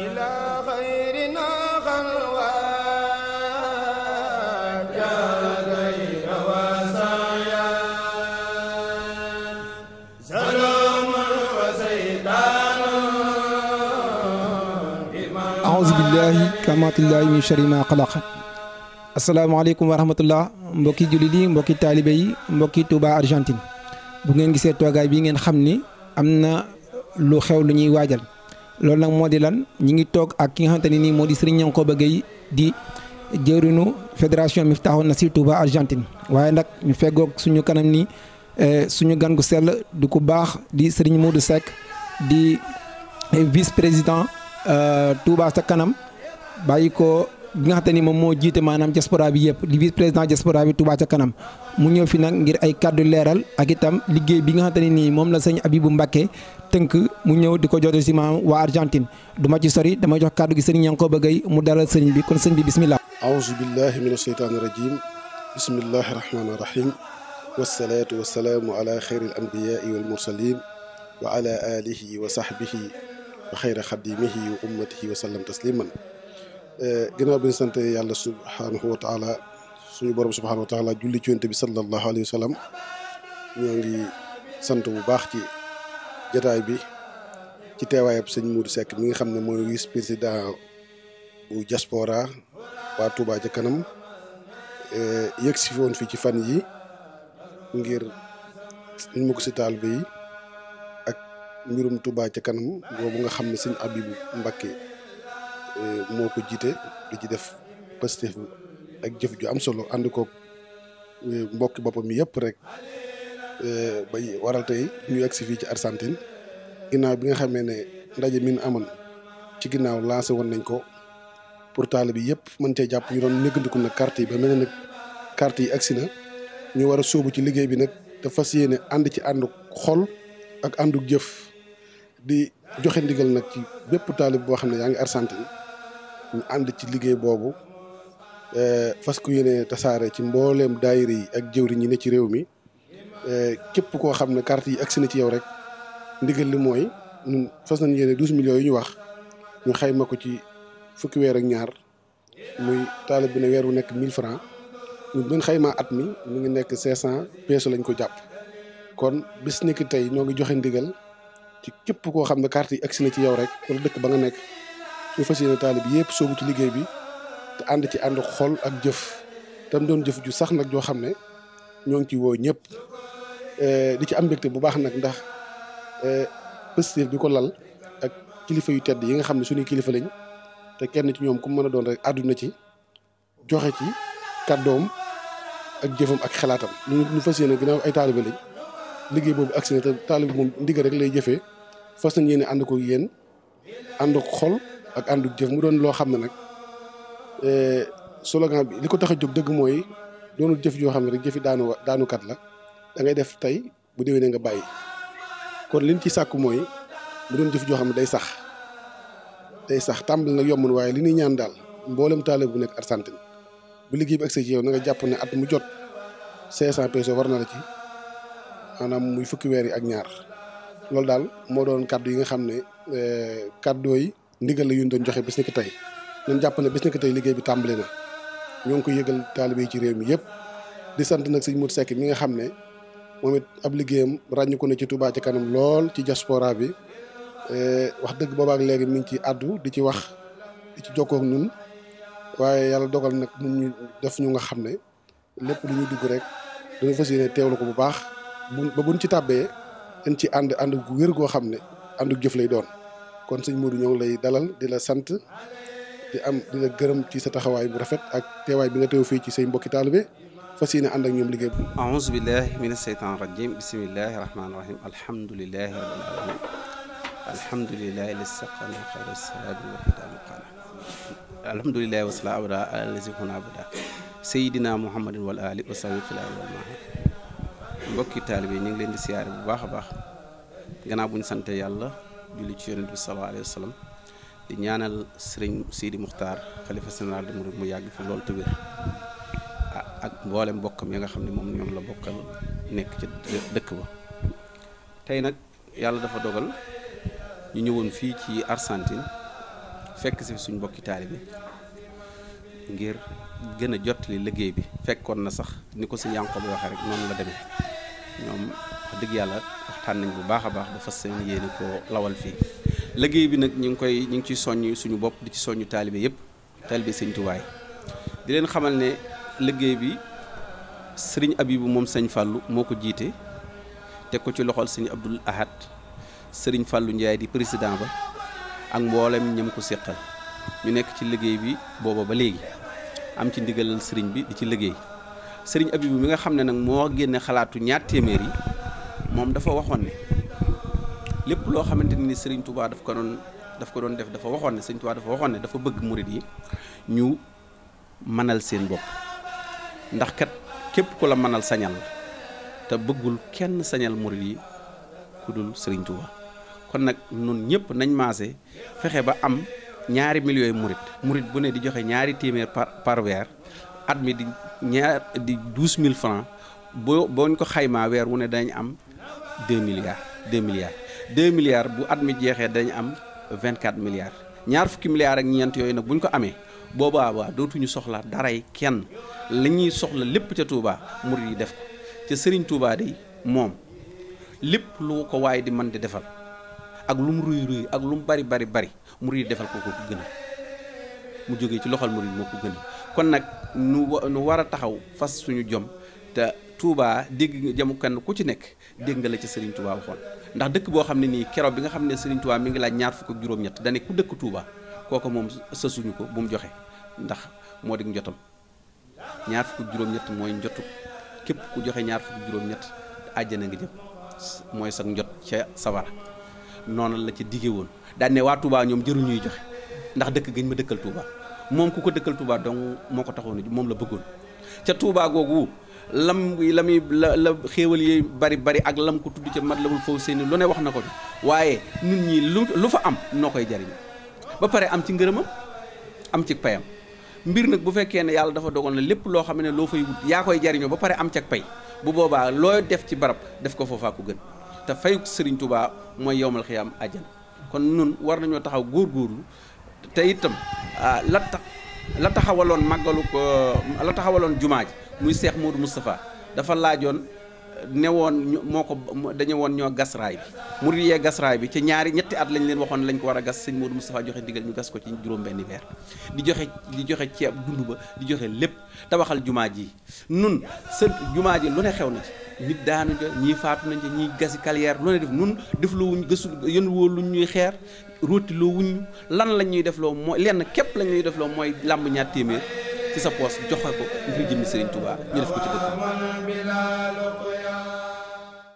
إلى خيرنا خلوا يا غير وسايا سلام وسيدان أعوذ بالله كما الله من شر ما قلق asalaamaaleykum wa rahmatullah mbokki jullit yi mbokki taalibe yi mbokki Touba Argentine bu ngeen gisee toogaay bi ngeen xam ni am na lu xew lu ñuy waajal loolu nag moo di lan ñi ngi toog ak ki nga xamante ne nii moo di Serigne Yankoba Gueye di jëwrinu fédération na Nasir Touba Argentine waaye nag ñu feggoog suñu kanam nii eh, suñu gan gu sell di ku baax di Serigne du Seck di vice président euh, Touba sa kanam bàyyi ko bi nga xamante ni moom moo jiite maanaam diaspora bi yëpp di vice président diaspora bi Touba ca kanam mu ñëw fi nag ngir ay kàddu leeral ak itam liggéey bi nga xamante ne nii moom la sëñ bu Mbacké tënk mu ñëw di ko joote si maam waa Argentine du ma ci sori dama jox kàddu gi sëriñ Yankoba Gueye mu dalal sëriñ bi kon sëñ bi bismillah aouzu billahi mina sheytaani rajim bismillahi rahmaani rahim wasalaatu wasalaamu ala xeyri al anbiyaai wal mursalin wa ala alihi wa sahbihi wa xeyra xadimihi wa ummatihi wa sallam Eh, ginnaaw bi ñu yàlla subhaanahu wa suñu borom subhaanahu wa taala julli ci yonent bi sallallahu alayhi wa ñoo ngi sant bu baax ci jataay bi ci teewaayab sëñ Modou Seck mi ngi xam ne mooy vice président bu diaspora waa Touba ca kanam eh, yëg si woon fi ci fan yi ngir ñu ma ko si taalibe yi ak mbirum Touba ca kanam boobu nga xam ne sëñ Abibu Mbakke Euh, moo ko jiite li ci def Pastef ak jëf ju am solo ànd ko euh, mbokki boppam yëpp rek euh, ba waral tey ñu egsi fii ci Argentine ginnaaw bi nga xamee ne ndaje mi min amoon ci ginnaaw lancé woon nañ ko pour taalibe bi yëpp mën cee jàpp ñu doon néggandiku nag carte yi ba mel nag carte yi agsi na ñu war a sóobu ci liggéey bi nag te fas yéene ànd ci àndu xol ak àndu jëf di joxe ndigal nag ci bépp taalib boo xam ne yaa ngi Argentine ñu ànd ci liggéey boobu eh, fas ku yéene tasaare ci mbooleem daayira yi ak jëwriñ yi ne ci réew mi eh, képp koo xam ne carte yi si na ci yow rek ndigal li mooy ñun fas nañ yéene douze millions yi ñu wax ñu xayma ko ci fukki weer ak ñaar muy taalib bi ne weer wu nekk mille francs ñu buñ xaymaa at mi mu ngi nekk cinq cent peeso lañ ko jàpp kon bis ni ki tey ñoo ngi joxe ndigal ci képp koo xam ne carte yi si na ci yow rek wala dëkk ba nga nekk ñu fas yéene taalib yëpp soobu ci liggéey bi te ànd ci ànd xol ak jëf tam doon jëf ju sax nag joo xam ne ñoo ngi ci woo ñëpp eh, di ci am mbégte bu baax nag ndax eh, pëstéef bi ko lal ak kilifa yu tedd yi nga xam ne suñuy kilifa lañ te kenn ci ñoom ku mën a doon rek àdduna ci joxe ci kàddoom ak jëfam ak xalaatam ñu fas yéene ginnaaw ay taalibe lañ liggéey boobu agsi na te taalibe moom ndigal rek lay jëfee fas nañ yéene ànd ko yéen ànd ko xol ak àndu jëf mu doon loo xam ne nag eh, slogan bi li ko tax jóg dëgg mooy doonul jëf joo xam ne rek jëfi daanu daanukat la da ngay def tey bu na nga bàyyi kon liñ ci sàkk mooy mu doon jëf joo xam ne day sax day sax tàmbali nag yombul waaye li ñuy ñaan daal mboolem taalibe bu nekk Argentine bu liggéey bi agsi ci yow na nga jàpp ne at mu jot 500 pesos war na la ci maanaam muy fukki weer yi ak ñaar loolu daal moo doon kàddu yi nga xam ne eh, kàddoo yi ndigal la yu ñu doon joxe bis ni ki tey nañ jàpp ne bis ni ki tey liggéey bi tàmbali na ñoo ngi koy yëgal taalibe yi ci réew mi yëpp di sant nag sëñ Modou Seck mi nga xam ne moom it ab liggéeyam ràññiku na ci Touba ci kanam lool ci diaspora bi eh, wax dëgg boobaak léegi mi ngi ci àddu di ci wax di ci jokkoo ak ñun waaye yàlla dogal nag ñun ñu def ñu nga xam ne lépp lu ñu dugg rek dañu fas yéene teewlu ko bu baax bu ba ci tàbbee dañ ci ànd ànd gu wér goo xam ne ànd jëf lay doon kon sëñ Modou ñoo ngi lay dalal di la sant di am di gërëm ci sa taxawaay bu rafet ak teewaay bi nga teew fii ci say mbokki taalibe fas yéene ànd ak ñoom liggéey bi aouzu billahi min asheytan rajim bismillahi rahmani rahim alhamdulilahi rabbil alamin alhamdulilahi lisaqana xayra salaati wa fidal muqana alhamdulilahi wasala abada alazi huna abada sayidina muhammadin wal ali mbokki taalibe ñu ngi leen di siyaare bu baax a baax gannaaw buñ sante yàlla julli ci yonent bi sallallahu alayhi di ñaanal sëriñ Sidi Muxtaar xalifa général de Mouride mu yàgg fi lool te ah, ak mboolem mbokkam ya nga xam ne moom ñoom la bokkal nekk ci dëkk ba tey nag yàlla dafa dogal ñu ñëwoon fii ci Argentine fekk si suñ mbokki taalibe bi ngir gën a jottali liggéey bi fekkoon na sax ni ko si yànqo bi waxee rek noonu la demee ñoom wax yàlla xalaxaan nañ bu baax a baax dafa fas seen yéene koo lawal fii liggéey bi nag ñu ngi koy ñu ngi ciy soññ suñu bopp di ci soññ taalibe yëpp taalibe bi tubaay di leen xamal ne liggéey bi sëriñ Abibu moom sëñ Fallou moo ko jiite te ko ci loxol sëñ Abdul Ahad sëriñ Fallou njaay di président ba ak mboolem ñam ko séqal ñu nekk ci liggéey bi booba ba léegi am ci ndigalal sëriñ bi di ci liggéey sëriñ Abibu mi nga xam ne nag moo génne xalaatu ñaar téeméer yi moom dafa waxoon ne lépp loo xamante ni sëriñ Touba daf ko doon daf ko doon def dafa waxoon ne Serigne Touba dafa waxoon ne dafa bëgg murit yi ñu mënal seen bopp ndax kat képp ku la mënal sañal te bëggul kenn sañal murit yi ku dul Serigne Touba kon nag nun ñëpp nañ maase fexe ba am ñaari millions yi murit murit bu ne di joxe ñaari téeméer par par weer at mi di ñaar di mille francs boo booñ ko xaymaa weer wu ne daañ am 2 milliards 2 milliards 2 milliards bu at mi jeexee dañu am 24 milliards ñaar fukki milliards ak ñeent yooyu nag bu ñu ko amee boobaa waa dootuñu soxla daray kenn li ñuy soxla lépp ca Touba murid yi def ko ca sëriñ Touba day moom lépp lu ko waaye di mën di defal ak lu mu ruy ruy ak lu mu bari bari bari murid yi defal ko ko gën a mu jógee ci loxol murid moo ko gën a kon nag nu nu a taxaw fas suñu jom te. Touba dégg jëm kenn ku ci nekk dégg nga la ci Serigne Touba waxoon ndax dëkk boo xam ne nii keroog bi nga xam ne Serigne Touba mi ngi laaj ñaar fukk ak juróom-ñett dane ku dëkk kooku moom sësuñu ko bu mu joxe ndax moo di njotam ñaar fukk mooy njotu képp ku joxe ñaar fukk juróom-ñett àjjana nga mooy sa njot ca sawara noonu la ci digge woon daan ne waa Touba ñoom jëruñuy joxe ndax dëkk gañ ma dëkkal Touba moom ku ko dëkkal Touba donc moo ko taxoon moom la bëggoon ca Touba googu lam la muy la la xéewal yi bari bari ak lam ko tudd ca mat labul foofu seeni lu ne wax na ko bi waaye nit ñi lu lu fa am noo koy jariñ ba pare am ci ngërëmam am ci payam mbir nag bu fekkee ne yàlla dafa dogal na lépp loo xam ne loo fay yaa koy jariñoo ba pare am cag pay bu boobaa loo def ci barab def ko foofaa ko gën te fayuk sëriñ tubaa mooy yowmal xiyaam àjjana kon nun war nañoo taxaw góor góorgóorlu te itam ah, la tax la taxawaloon màggalu la taxawaloon jumaa ji muy Cheikh Modou Moustapha dafa laajoon ne woon moo ko dañu woon ñoo gas raay bi murid yee gas raay bi ci ñaari ñetti at lañ leen waxoon lañ ko war a gas sëñ Modou Moustapha joxe ndigal ñu gas ko ci juróom-benni weer di joxe di joxe ceeb dund ba di joxe lépp tabaxal jumaa ji nun sën jumaa ji lu ne xew na ci nit daanu ja ñii faatu nañ ca ñii gasi carrière lu ne def nun def lu wuñ gësu yën woo lu ñuy xeer rooti loo wuñ lan lañ ñuy def loo mooy lenn képp lañ def loo mooy làmb ñaar ci sa poos joxe ko ngir jëmmi Serigne Touba ñu def ko ci dëkk